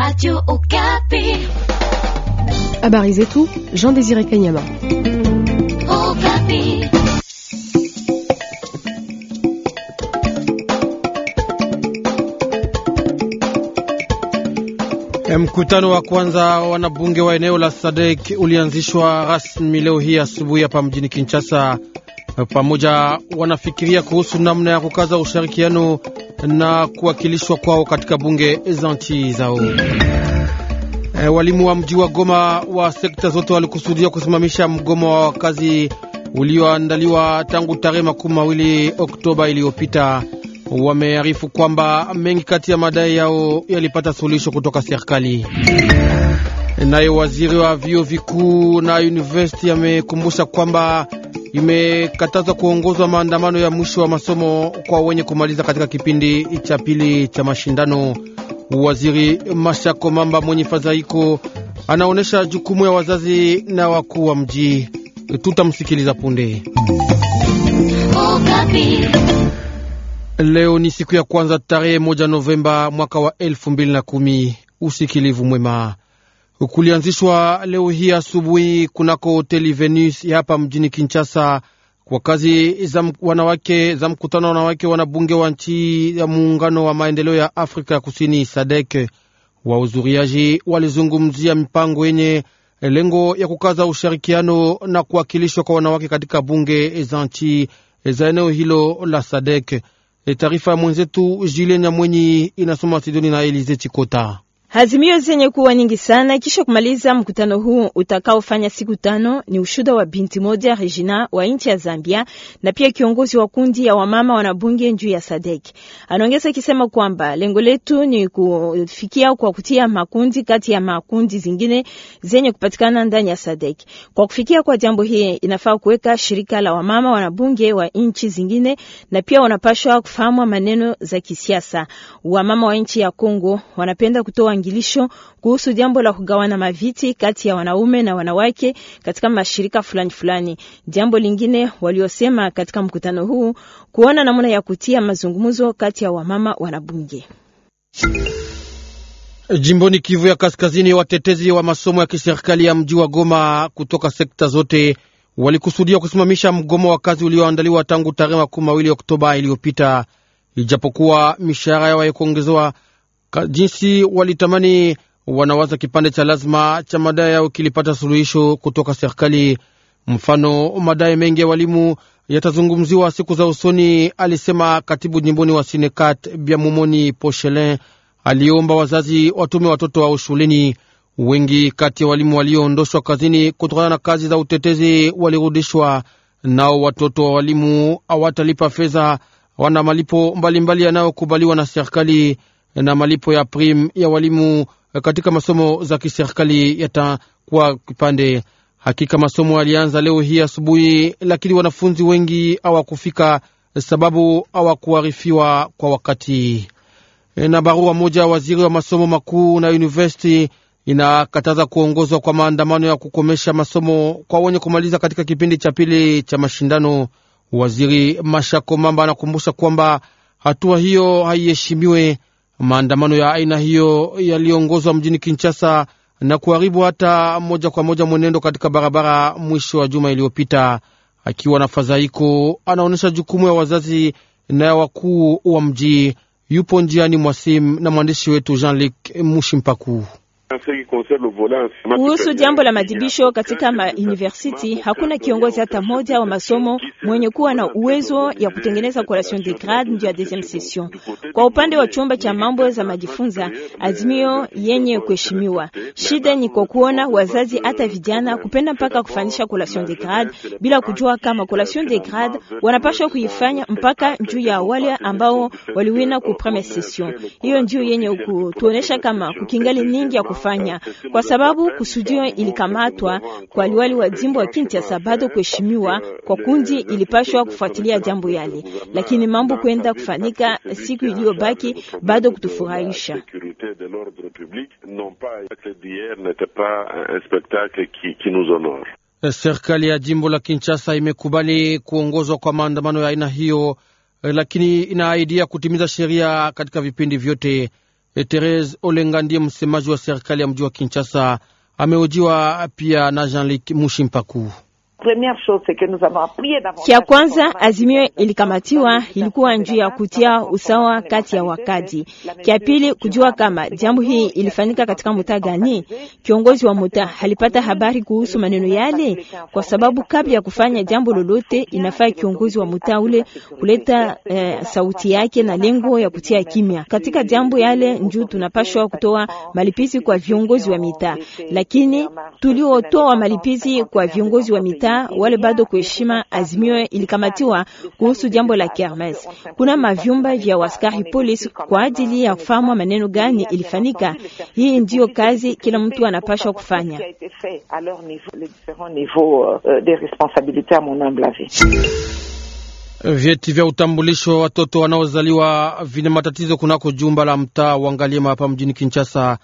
Radio Okapi. Habari zetu Jean Désiré Kanyama. Okapi. E, mkutano wa kwanza wanabunge wa eneo la Sadek ulianzishwa rasmi leo hii asubuhi hapa mjini Kinshasa pamoja wanafikiria kuhusu namna ya kukaza ushirikiano na kuwakilishwa kwao katika bunge za nchi zao. E, walimu wa mji wa Goma wa sekta zote walikusudia kusimamisha mgomo wa wakazi ulioandaliwa tangu tarehe makumi mawili Oktoba iliyopita. Wamearifu kwamba mengi kati ya madai yao yalipata suluhisho kutoka serikali. Naye waziri wa vyuo vikuu na university amekumbusha kwamba imekataza kuongozwa maandamano ya mwisho wa masomo kwa wenye kumaliza katika kipindi cha pili cha mashindano. Waziri Mashako Mamba mwenye fadhaiko anaonyesha jukumu ya wazazi na wakuu wa mji. Tutamsikiliza punde. Leo ni siku ya kwanza tarehe moja Novemba mwaka wa elfu mbili na kumi. Usikilivu mwema kulianzishwa leo hii asubuhi kunako hoteli Venus ya hapa mjini Kinshasa kwa kazi za wanawake za mkutano wa wanawake wanabunge wa nchi ya muungano wa maendeleo ya Afrika ya Kusini SADEK. Wahudhuriaji walizungumzia mipango yenye lengo ya kukaza ushirikiano na kuwakilishwa kwa wanawake katika bunge za nchi za eneo hilo la SADC. E, taarifa ya mwenzetu Julien Nyamwenyi inasoma Sidoni na Elize Chikota. Hazimio zenye kuwa nyingi sana kisha kumaliza mkutano huu utakaofanya siku tano ni ushuda wa binti moja Regina wa nchi ya Zambia na pia kiongozi wa kundi ya wamama wanabunge juu ya Sadek. Anaongeza akisema kwamba lengo letu ni kufikia kwa kutia makundi kati ya makundi zingine zenye kupatikana ndani ya Sadek. Kwa kufikia kwa jambo hili, inafaa kuweka shirika la wamama wanabunge wa nchi zingine, na pia wanapashwa kufahamwa maneno za kisiasa. Wamama wa nchi ya Kongo wanapenda kutoa mpangilisho kuhusu jambo la kugawana maviti kati ya wanaume na wanawake katika mashirika fulani fulani. Jambo lingine waliosema katika mkutano huu kuona namna ya kutia mazungumzo kati ya wamama wanabunge. Jimboni Kivu ya Kaskazini, watetezi wa masomo ya kiserikali ya mji wa Goma kutoka sekta zote walikusudia kusimamisha mgomo wa kazi ulioandaliwa tangu tarehe makumi mawili Oktoba iliyopita. Ijapokuwa mishahara yao haikuongezewa, jinsi walitamani, wanawaza kipande cha lazima cha madai yao kilipata suluhisho kutoka serikali. Mfano, madai mengi ya walimu yatazungumziwa siku za usoni, alisema katibu jimboni wa Sinekat Biamumoni Pochelin. Aliomba wazazi watume watoto wao shuleni. Wengi kati ya walimu walioondoshwa kazini kutokana na kazi za utetezi walirudishwa, nao watoto wa walimu hawatalipa fedha, wana malipo mbalimbali yanayokubaliwa na serikali na malipo ya prim ya walimu eh, katika masomo za kiserikali yatakuwa kipande. Hakika masomo yalianza leo hii asubuhi, lakini wanafunzi wengi hawakufika eh, sababu hawakuarifiwa kwa wakati. Eh, na barua moja waziri wa masomo makuu na university inakataza kuongozwa kwa maandamano ya kukomesha masomo kwa wenye kumaliza katika kipindi cha pili cha mashindano. Waziri Mashako Mamba anakumbusha kwamba hatua hiyo haiheshimiwe Maandamano ya aina hiyo yaliongozwa mjini Kinshasa na kuharibu hata moja kwa moja mwenendo katika barabara mwisho wa juma iliyopita. Akiwa na fadhaiko, anaonyesha jukumu ya wazazi na ya wakuu wa mji. Yupo njiani mwasim na mwandishi wetu Jean Luc Mushimpaku. Kuhusu jambo la madibisho katika mauniversity, hakuna kiongozi hata mmoja wa masomo mwenye kuwa na uwezo ya kutengeneza collation de grade ndio ya deuxième session. Kwa upande wa chumba cha mambo za majifunza, azimio yenye kuheshimiwa. Shida ni kwa kuona wazazi hata vijana kupenda mpaka kufanisha collation de grade bila kujua kama collation de grade wanapaswa kuifanya mpaka juu ya wale ambao waliwina ku première session. Hiyo ndio yenye kutuonesha kama kukingali nyingi ya kufanya kufanya, kwa sababu kusudio ilikamatwa kwa liwali wa jimbo wa Kinshasa bado kuheshimiwa kwa kundi ilipashwa kufuatilia jambo yale, lakini mambo kwenda kufanyika siku iliyobaki bado kutufurahisha. Serikali ya jimbo la Kinshasa imekubali kuongozwa kwa maandamano ya aina hiyo, lakini inaaidia kutimiza sheria katika vipindi vyote. E, Therese Olenga ndiye msemaji wa serikali ya mji wa Kinshasa, amehojiwa pia na Jean-Luc Mushimpaku. Cha kwanza azimio ilikamatiwa ilikuwa njia ya kutia usawa kati ya wakati. Cha pili kujua kama jambo hii ilifanyika katika mtaa gani. Kiongozi wa mtaa halipata habari kuhusu maneno yale, kwa sababu kabla ya kufanya jambo lolote inafaa kiongozi wa mtaa ule kuleta eh, sauti yake na lengo ya kutia kimya katika jambo yale. Njuu tunapashwa kutoa malipizi kwa viongozi wa mitaa, lakini tuliotoa malipizi kwa viongozi wa mitaa mitaa wale bado kuheshima azimio ilikamatiwa kuhusu jambo la kermes. Kuna mavyumba vya waskari polisi kwa ajili ya kufahamwa maneno gani ilifanyika. Hii ndiyo kazi kila mtu anapashwa kufanya. Vyeti vya utambulisho wa watoto wanaozaliwa vina matatizo kunako jumba la mtaa wa Ngaliema hapa mjini Kinshasa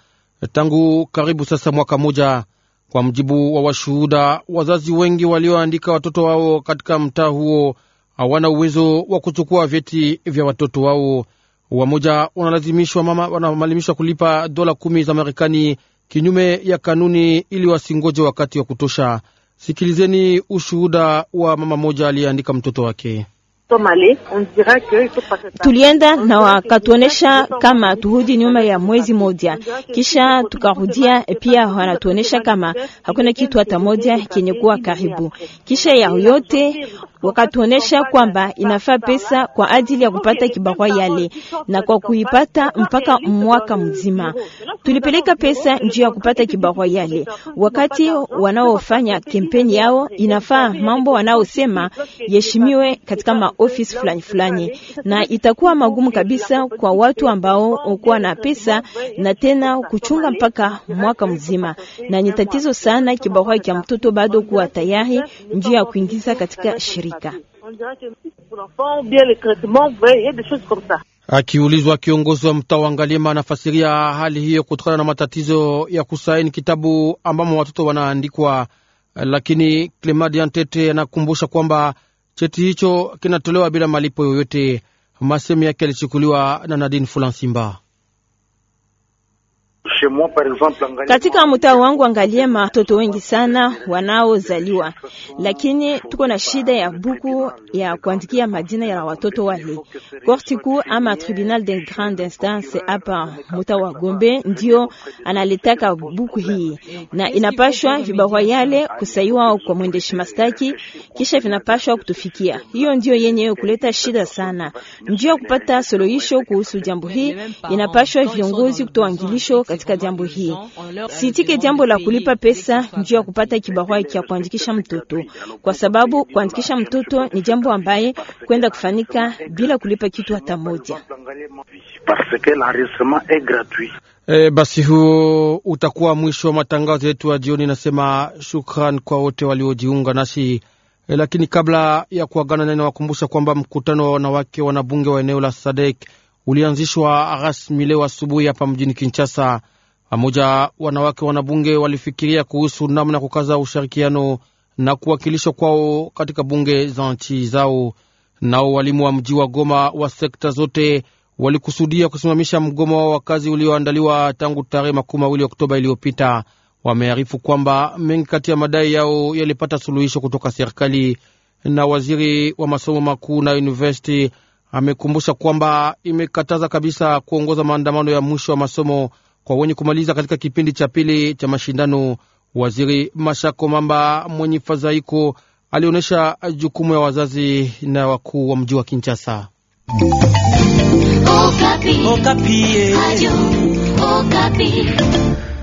tangu karibu sasa mwaka moja. Kwa mjibu wa washuhuda, wazazi wengi walioandika watoto wao katika mtaa huo hawana uwezo wa kuchukua vyeti vya watoto wao. Wamoja wanalazimishwa mama wanamalimishwa kulipa dola kumi za Marekani kinyume ya kanuni, ili wasingoje wakati wa kutosha. Sikilizeni ushuhuda wa mama moja aliyeandika mtoto wake tulienda na wakatuonesha kama turudi nyuma ya mwezi moja, kisha tukarudia pia, wanatuonesha kama hakuna kitu hata moja kenye kuwa karibu. Kisha ya yote wakatuonesha kwamba inafaa pesa kwa ajili ya kupata kibarua yale, na kwa kuipata mpaka mwaka mzima tulipeleka pesa njia ya kupata kibarua yale. Wakati wanaofanya kampeni yao, inafaa mambo wanaosema yeshimiwe katika ma ofisi fulani fulani, na itakuwa magumu kabisa kwa watu ambao kuwa na pesa na tena kuchunga mpaka mwaka mzima, na ni tatizo sana kibarua cha mtoto bado kuwa tayari njuu ya kuingiza katika shirika. Akiulizwa kiongozi wa mtaa wa Ngalima anafasiria hali hiyo kutokana na matatizo ya kusaini kitabu ambamo watoto wanaandikwa, lakini dantete anakumbusha kwamba cheti hicho kinatolewa bila malipo yoyote. Masemu yake yalichukuliwa na Nadine Fulansimba. Katika mtaa wangu angalie matoto wengi sana wanaozaliwa, lakini tuko na shida ya buku ya kuandikia majina ya watoto wale. Korti kuu ama tribunal de grande instance hapa mtaa wa Gombe ndio analitaka buku hii, na inapashwa vibarua yale kusaiwa kwa mwendeshi mastaki, kisha vinapashwa kutufikia. Hiyo ndio yenye kuleta shida sana. Ndio kupata suluhisho kuhusu jambo hii, inapashwa viongozi kutoa angilisho katika jambo hii. Siitike jambo la kulipa pesa njia ya kupata kibarua cha kuandikisha mtoto, kwa sababu kuandikisha mtoto ni jambo ambaye kwenda kufanika bila kulipa kitu hata moja. E, basi huo utakuwa mwisho wa matangazo yetu ya jioni. Nasema shukran kwa wote waliojiunga nasi. E, lakini kabla ya kuagana, nani nawakumbusha kwamba mkutano wa wanawake wanabunge wa eneo la Sadek ulianzishwa rasmi leo asubuhi hapa mjini Kinshasa. Pamoja wanawake wanabunge walifikiria kuhusu namna kukaza ushirikiano na kuwakilishwa kwao katika bunge za nchi zao. Nao walimu wa mji wa Goma wa sekta zote walikusudia kusimamisha mgomo wao wa kazi ulioandaliwa tangu tarehe makumi mawili Oktoba iliyopita. Wamearifu kwamba mengi kati ya madai yao yalipata suluhisho kutoka serikali na waziri wa masomo makuu na university Amekumbusha kwamba imekataza kabisa kuongoza maandamano ya mwisho wa masomo kwa wenye kumaliza katika kipindi cha pili cha mashindano. Waziri Mashako Mamba mwenye fadhaiko alionyesha jukumu ya wazazi na wakuu wa mji wa Kinshasa. Okapi. Okapi.